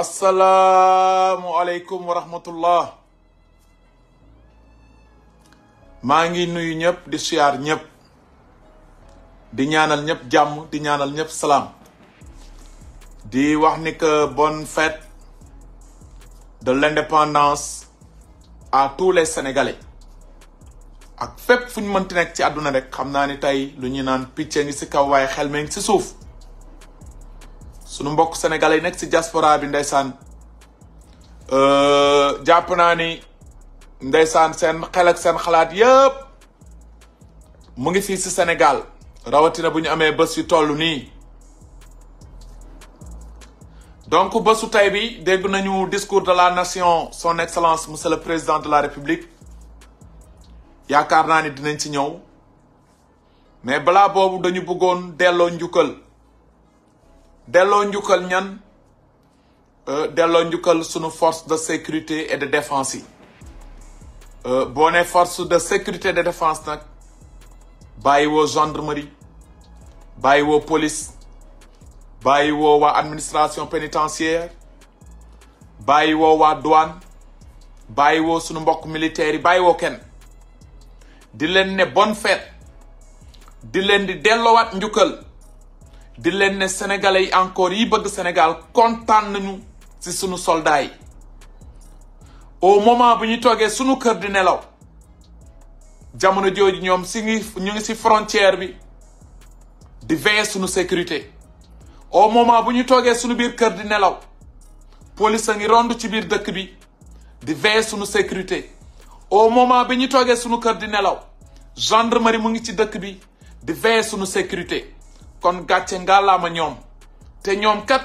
asalaamualeykum wa rahmatullah maa ngi nuyu ñëpp di siyaar ñëpp di ñaanal ñëpp jàmm di ñaanal ñëpp salaam di wax ni que bonne fête de l'indépendance à tous les sénégalais ak fépp fu ñu mënti nekk ci àdduna rek xam naa ni tey lu ñuy naan picc a ngi si kaw waaye xel mi ngi si suuf sunu mbokk sénégal yi nekk si diaspora bi ndeysaan euh, jàpp naa ni ndeysaan seen xel ak seen xalaat yëpp mu ngi fii si Sénégal rawatina bu ñu amee bés yu toll nii donc bésu tey bi dégg nañu discours de la nation son excellence monsieur le président de la république yaakaar naa ni dinañ ci ñëw mais balaa boobu dañu bëggoon delloo njukkal delloo njukkal ñan euh, delloo njukkal sunu force de sécurité et de défense yi euh, boo ne force de sécurité de défense nag bàyyiwoo gendarmerie bàyyiwoo police bàyyiwoo waa administration pénitentiaire bàyyiwoo waa douane bàyyiwoo sunu mbokk militaires yi bàyyiwoo kenn di leen ne bonne fête di leen di delloowaat njukkal di leen ne sénégalais yi encore yi bëgg Sénégal kontaan nañu si sunu soldats yi au moment bu ñu toogee sunu kër di nelaw jamono jooju ñoom si ñu ngi si frontière bi di veiller sunu sécurité au moment bu ñu toogee sunu biir kër di nelaw police a ngi rond ci biir dëkk bi di veiller sunu sécurité au moment bi ñu toogee sunu kër di nelaw gendarmerie mu ngi ci dëkk bi di veiller sunu sécurité kon gàcce ngalaama ñoom te ñoom kat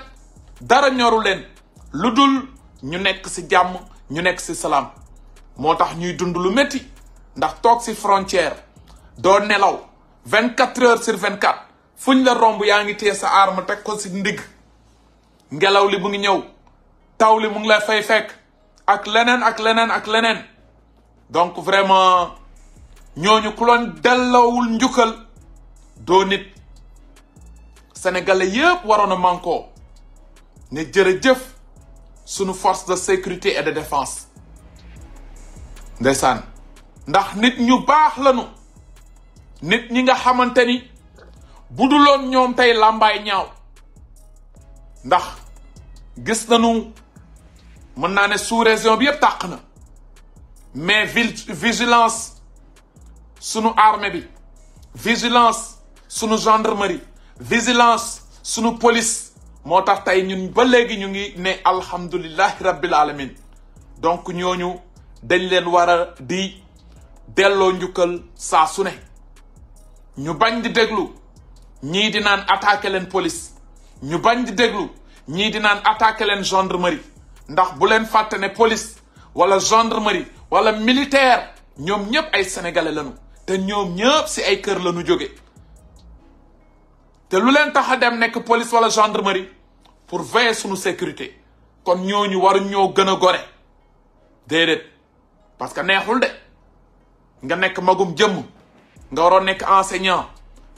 dara ñoru leen lu dul ñu nekk si jàmm ñu nekk si salaam moo tax ñuy dund lu metti ndax toog si frontière doo nelaw 24 heures sur 24 fuñ la romb yaa ngi sa arme teg ko si ndig ngelaw li bu ngi ñëw taw li mu ngi lay fay fekk ak leneen ak leneen ak leneen donc vraiment ñooñu ku loon delloowul njukkal doo nit sénégalais yëpp warona manko mànkoo ne sur sunu forces de sécurité et de défense ndeysaan ndax nit ñu baax lañu nit ñi nga xamanteni ni ñoom ñaaw ndax gis nañu mën naa ne sous région bi mais vigilance sunu armée bi vigilance sunu gendarmerie vigilance sunu police moo tax tey ñu ba léegi ñu ngi ne alhamdulilahi rabbil alamin donc ñooñu dañ leen war a di delloo njukkal saa su ne ñu bañ di déglu ñii di naan attaqué leen police ñu bañ di déglu ñii di naan attaqué leen gendarmerie ndax bu leen fàtte ne police wala gendarmerie wala militaire ñoom ñëpp ay sénégalais lañu te ñoom ñëpp si ay kër lañu jóge te lu leen tax a dem nekk police wala gendarmerie pour veiller sunu sécurité kon ñooñu waruñ ñoo gën a gore déedéet parce que neexul de nga nekk magum jëmm nga waroon nekk enseignant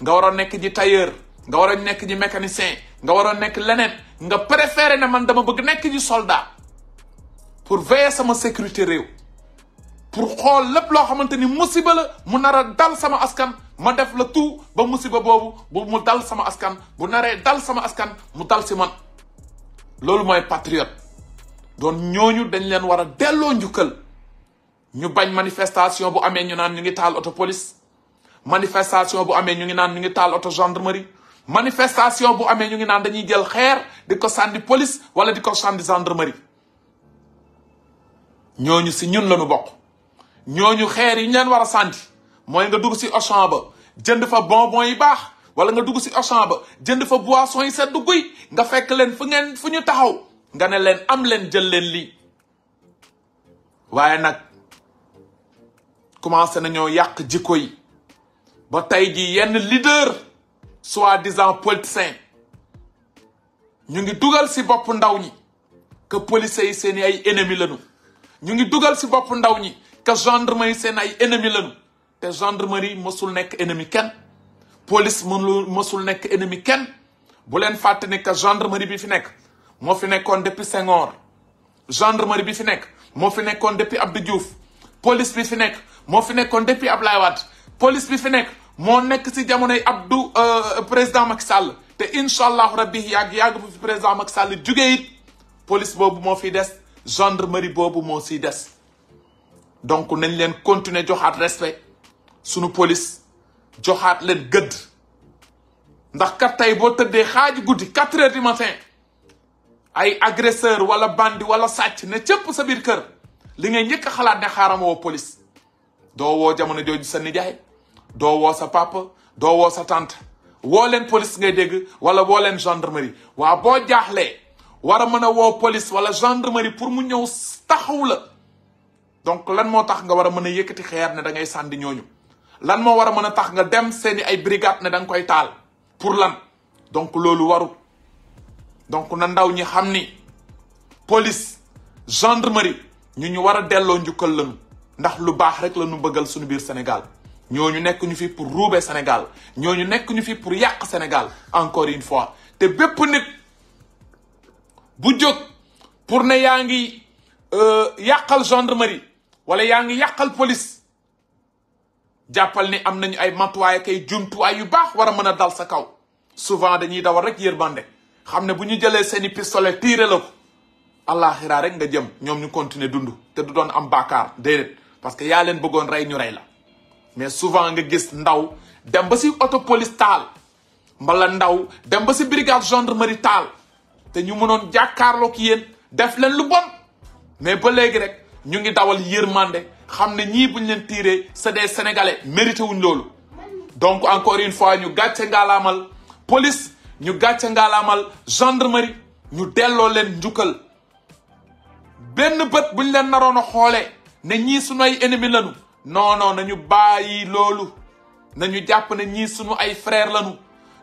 nga waroon nekk ji tailleur nga waroon nekk ji mécanicien nga waroon nekk leneen nga préféré na man dama bëgg nekk ji solda pour veiller sama sécurité réew pour xool lépp loo xamante ni musiba la mu nar a dal sama askan ma def la tout ba musiba boobu bu mu dal sama askan bu naree dal sama askan mu dal si man loolu mooy patriote doon ñooñu dañ leen war a delloo njukkal ñu bañ manifestation bu amee ñu naan ñu ngi taal auto police manifestation bu amee ñu ngi naan ñu ngi taal auto gendarmerie manifestation bu amee ñu ngi naan dañuy jël xeer di ko sànni police wala di ko sandi sànni gendarmerie ñooñu si ñun lañu bokk ñooñu xeer yi ñu leen war a sànni mooy nga dugg si Auchan ba jënd fa bonbon yi baax wala nga dugg si Auchan ba jënd fa boisson yi sedd guy nga fekk leen fu ngeen fu ñu taxaw nga ne leen am leen jël leen lii waaye nag commencé nañoo yàq jikko yi ba tey ji yenn leader soi-disant politicien ñu ngi dugal si bopp ndaw ñi que policiers yi seen ay ennemis lañu ñu ngi dugal si bopp ndaw ñi que gendarmes yi seen ay ennemis lañu te gendarmerie mosul nek ennemi ken police mosul nek nekk ennemi kenn bu leen que gendarmerie bi fi nek mo fi nekkoon depuis Senghor gendarmerie bi fi nek mo fi depuis Abdou Diouf police bi fi nek mo fi depuis Abdoulaye Wade police bi fi nek mo nek ci jamonoy Abdou euh, président Macky Sall te Inshallah rabbi yag bu fi président Macky Sall jugee police bobu mo fi dess gendarmerie bobu mo si dess donc nagn len continuer joxat respect. sunu police joxaat leen gëdd ndax kat tey boo tëddee xaaj guddi quatre heures du matin ay agresseur wala bandi wala sàcc ne cëpp sa biir kër li ngay njëkk a xalaat ne xaaral ma woo police doo woo jamono jooju sa nijaay doo woo sa papa doo woo sa tànt woo leen police ngay dégg wala woo leen gendarmerie waa boo jaaxlee war a mën a woo police wala gendarmerie pour mu ñëw taxaw la donc lan moo tax nga war a mën a yëkkati xeer ne da ngay sànni ñooñu lan mo wara meuna tax nga dem seeni ay brigade ne dang koy tal pour lan donc lolu waru donc na ndaw ñi xamni police gendarmerie ñu ñu wara delo ñukal lañu ndax lu bax rek lañu bëggal suñu biir Sénégal ñooñu nekk ñu fi pour roubé Sénégal ñooñu nekk ñu fi pour yaq Sénégal encore une fois te bépp nit bu jóg pour ne yaangi euh yaqal gendarmerie wala yaangi yaqal police jàppal ni am nañu ay matuwaay kay ay jumtuwaay yu baax war a mën a dal sa kaw souvent dañuy dawal rek yërmande xam ne bu ñu jëlee seeni pistolet tiire la ko àllaaxira rek nga jëm ñoom ñu continuer dund te du doon am baakaar déedéet parce que yaa leen bëggoon rey ñu rey la mais souvent nga gis ndaw dem ba si auto police taal mbala ndaw dem ba si brigade gendarmerie taal te ñu mënoon jàkkaarloo ki yéen def leen lu bon mais ba léegi rek ñu ngi dawal yërmande xam ne ñii buñ leen tiiree c'est des sénégalais mérité wuñ loolu donc encore une fois ñu gàcce ngaalaamal police ñu gàcce ngaalaamal gendarmerie ñu delloo leen njukkal benn bët buñ leen naroon a xoolee ne ñii suñu ay ennemi lañu non non nañu bàyyi loolu nañu jàpp ne ñii suñu ay frère lañu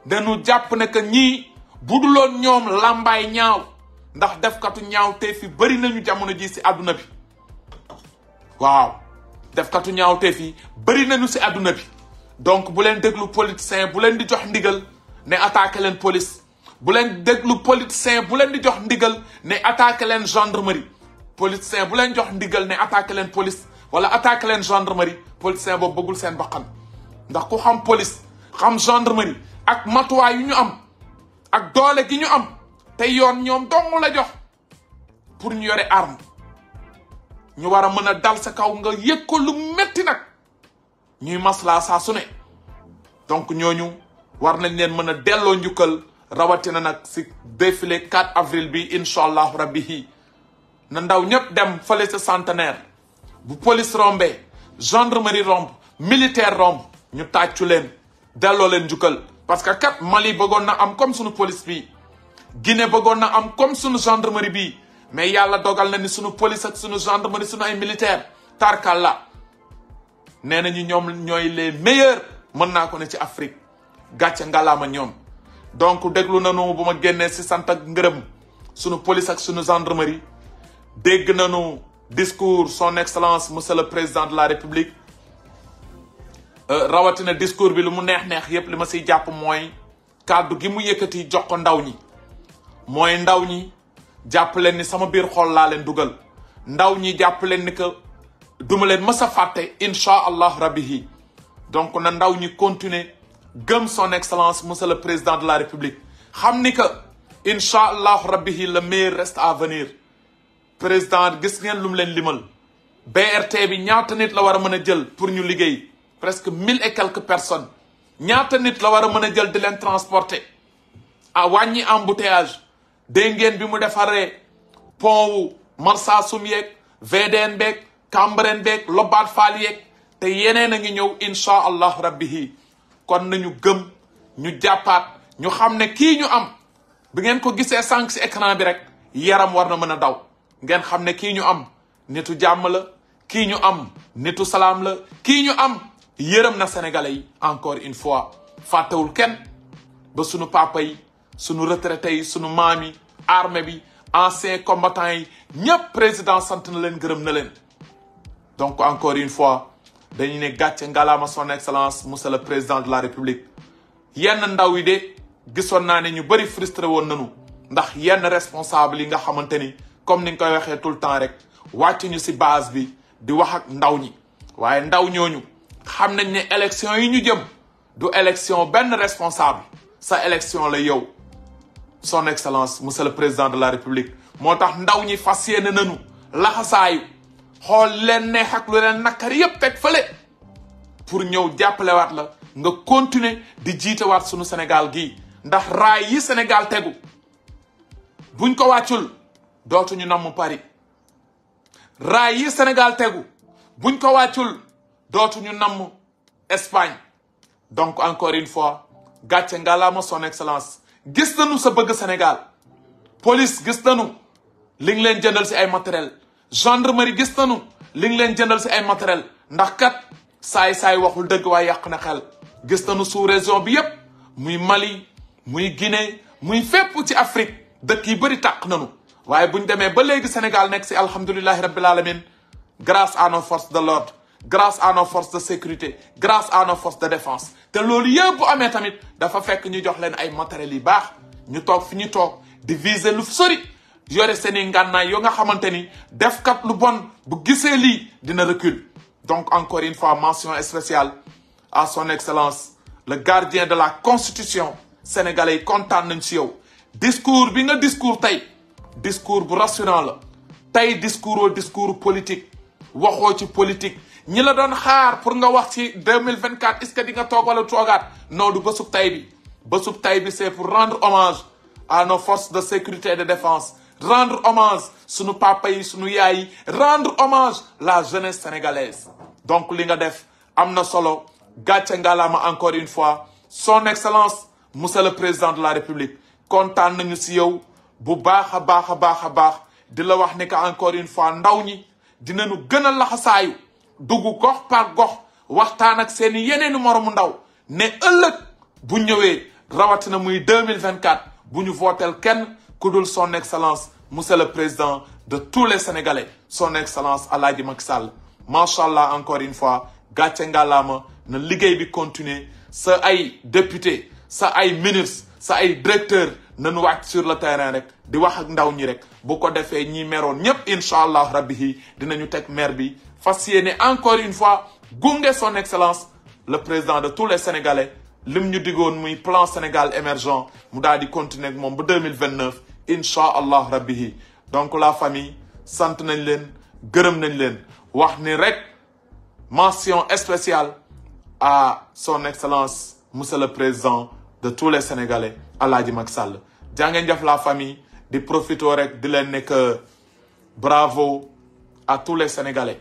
dañu jàpp ne ñii ñii buduloon ñoom làmbaay ñaaw ndax defkatu ñaaw te fi bëri nañu jamono ji si àdduna bi waaw def defkatu ñaawteef fi bari nañu si àdduna bi donc bu leen déglu politicien bu leen di jox ndigal ne attaqué leen police bu leen déglu politicien bu leen di jox ndigal ne attaqué leen gendarmerie politicien bu leen jox ndigal ne attaqué leen police wala attaqué leen gendarmerie politicien boobu bëggul seen bakkan ndax ku xam police xam gendarmerie ak matuwaay yu ñu am ak doole gi ñu am te yoon ñoom dong la jox pour ñu yore arme ñu war a mën a dal sa kaw nga yëg ko lu metti nag ñuy maslaa saa su ne donc ñooñu war nañ leen mën a delloo njukkal rawatina nag si défilé 4 avril bi incha allahu rabbihi na ndaw ñëpp dem fële sa centenaire bu police rombé gendarmerie romb militaire romb ñu tàccu leen delloo leen njukkal parce que kat Mali bëggoon na am comme sunu police bi Guinée bëggoon na am comme sunu gendarmerie bi mais yàlla dogal na ni sunu police ak sunu gendarmerie sunu ay militaire tarkal la nee nañu ñoom ñooy les meilleurs mën naa ko ne ci Afrique gàcce ngalaama ñoom donc déglu na nu bu ma génnee si sant ak ngërëm sunu police ak sunu gendarmerie dégg nanu discours son excellence monsieur le président de la république euh, rawatina discours bi lu mu neex-neex yépp li ma siy jàpp mooy kàddu gi mu yëkkati jox ndaw ñi mooy ndaw ñi jàpp ni sama bir xol la len duggal ndaw ñi jàpp ni que duma leen mës faté insha allah rabihi donc na ndaw ñi continuer gëm son excellence monsieur le président de la république xam ni que insha allah rabihi le meilleur reste à venir président gis ngeen lum mu leen limal BRT bi ñaata nit la wara mëna jël pour ñu liggéey presque mille et quelques personnes ñaata nit la wara mëna jël di leen transporter à wañi embouteillage dégg ngeen bi mu defaree pont wu Marsassoum yeeg VDN beeg Cambérène beeg Lobatt Fall yeeg te yeneen a ngi ñëw incha allah rabbihi kon nañu gëm ñu jàppaat ñu xam ne kii ñu am bi ngeen ko gisee sànq si écran bi rek yaram war na mën a daw ngeen xam ne kii ñu am nitu jàmm la kii ñu am nitu salaam la kii ñu am yërëm na sénégalais yi encore une fois fàttewul kenn ba sunu papa yi Nos retraités yi sunu maam armée anciens combattants yi président donc encore une fois dañu ne son excellence monsieur le président de la république yenn ndaw yi de ñu bëri frustré woon nañu ndax yenn responsable nga comme ni koy tout le temps rek base bi di wax ak ndaw ñi ndaw xam nañ élection yi ñu jëm du élection responsable sa élection son excellence monsieur le président de la république motax ndaw ñi nañu xol neex lu nakar yépp tek pour nous jàppalewaat la nga continuer di jiitewaat sunu Sénégal gi ndax raay yi Sénégal tegu buñ ko ñu Paris raay Sénégal tegu buñ ko ñu Espagne donc encore une fois gatché ngalama son excellence gis nañu sa bëgg Sénégal police gis nañu li nga leen jëndal si ay matériel gendarmerie gis nañu li nga leen jëndal si ay matériel ndax kat saay-saay waxul dëgg waaye yàq na xel gis nañu sous région bi yëpp muy Mali muy Guinée muy fépp ci Afrique dëkk yi bëri tàq nañu waaye bu ñu demee ba léegi Sénégal nekk si alhamdulillahi rabbil alamin grâce à nos forces de l'ordre grâce à nos forces de sécurité grâce à nos forces de défense te loolu pour bu amee tamit dafa fekk ñu jox leen ay matériel yu baax ñu tok fi ñu tok di viser lu sori yore seen nganna yo nga xamanteni ni kat lu bon bu gisee li dina recul donc encore une fois mention spéciale à son excellence le gardien de la constitution sénégalais yi ci yow discours bi nga discours tay discours bu rassurant discours politique... discours politique waxo ci politique ñi la xaar pour nga wax ci 2024 est-ce que di nga toog wala toogaat non du c'est pour rendre hommage à nos forces de sécurité et de défense rendre hommage à papa yi nos rendre hommage la jeunesse sénégalaise donc li nga def am solo encore une fois son excellence monsieur le président de la république kontaan nañu si yow bu baax la wax encore une fois dugu gox par gox waxtaan ak seen i yeneen i ndaw ne ëllëg bu ñëwee na muy 2024 bu ñu vooteel kenn ku dul son excellence monsieur le président de tous les sénégalais son excellence Alaaji Macky Sall encore une fois gàcce ngàllaama na liggéey bi continuer sa ay député sa ay ministre sa ay directeur nañu wàcc sur le terrain rek di wax ak ndaw ñi rek bu ko defee ñi meroon Inshallah incha allah rabbi dinañu teg maire bi Fasciné, encore une fois Gungé, son excellence le président de tous les sénégalais lim ñu plan Sénégal émergent mu daal continuer ak ba allah donc la famille sante nañ len wax ni rek mention spéciale à son excellence monsieur le président de tous les sénégalais Aladji Maksal. Sall la famille di profito rek di len nek bravo à tous les sénégalais.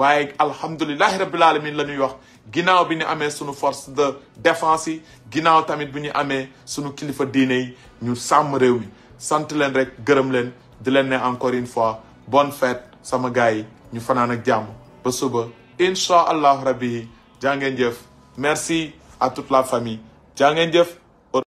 waaye alhamdulilahi rabbil alamin la ñuy wax ginnaaw bi ñu amee suñu force de défense yi ginnaaw tamit bi ñu amee suñu kilifa diine yi ñu sàmm réew mi sant leen rek gërëm leen di leen ne encore une fois bonne fête sama gars yi ñu fanaan ak jàmm ba suba incha allahu rabbi yi jaa ngeen jëf merci à toute la famille jaa ngeen jëf